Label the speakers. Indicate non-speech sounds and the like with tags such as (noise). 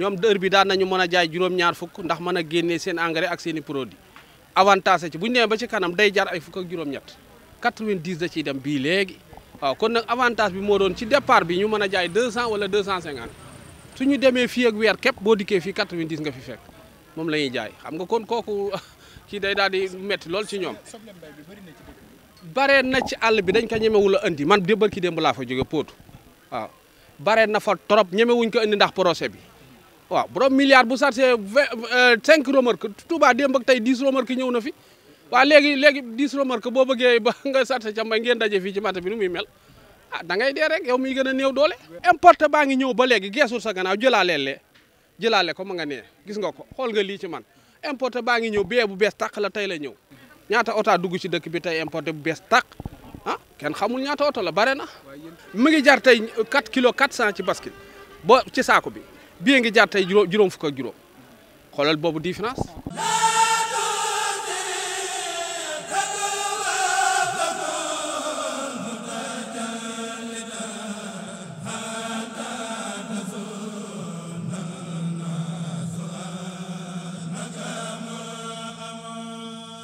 Speaker 1: ñoom dër bi daan nañu mën a jaay juróom-ñaar fukk ndax mën a génne seen engrais ak seeni produit avantage ci bu ñu demee ba ci kanam day jar ay fukk ak juróom-ñett 90 da ciy dem bii léegi waaw kon nag avantage bi moo doon ci depart bi ñu mën a jaay 200 wala 250 su ñu demee fii ak weer képp boo dikkee fii 90 nga fi fekk moom la ñuy jaay xam nga kon kooku (laughs) kii day daal di métti lool ci ñoom. baree na ci àll bi dañ ko ñemewul a andi man démbal ki démb laa fa jóge póotu waaw baree na fa trop ñemewuñ ko indi ndax procès bi. waaw borom milliard bu chargé vingt euh, cinq remorque Touba démb ak tey dix remorque ñëw na fi waaw léegi léegi dix remorque boo bëggee ba (laughs) nga chargé ca mbay ngeen daje fii ci matta bi nu muy mel ah da ngay dee rek yow miy gën a néew doole. importe baa ngi ñëw ba léegi geesul sa gannaaw jëlaaleel le jëlaale ko ma nga nee gis nga ko xool nga lii ci man importe baa ngi ñëw bee bu bees tàq la tey la ñëw ñaata otaa dugg ci dëkk bi tey importe bu bees tàq ah kenn xamul ñaata oto la bare na mu ngi jar tey 4 kilos 400 ci bascule ba ci saako bi. bi ngi jaar tey juróom fukk ak juróom xoolal boobu différence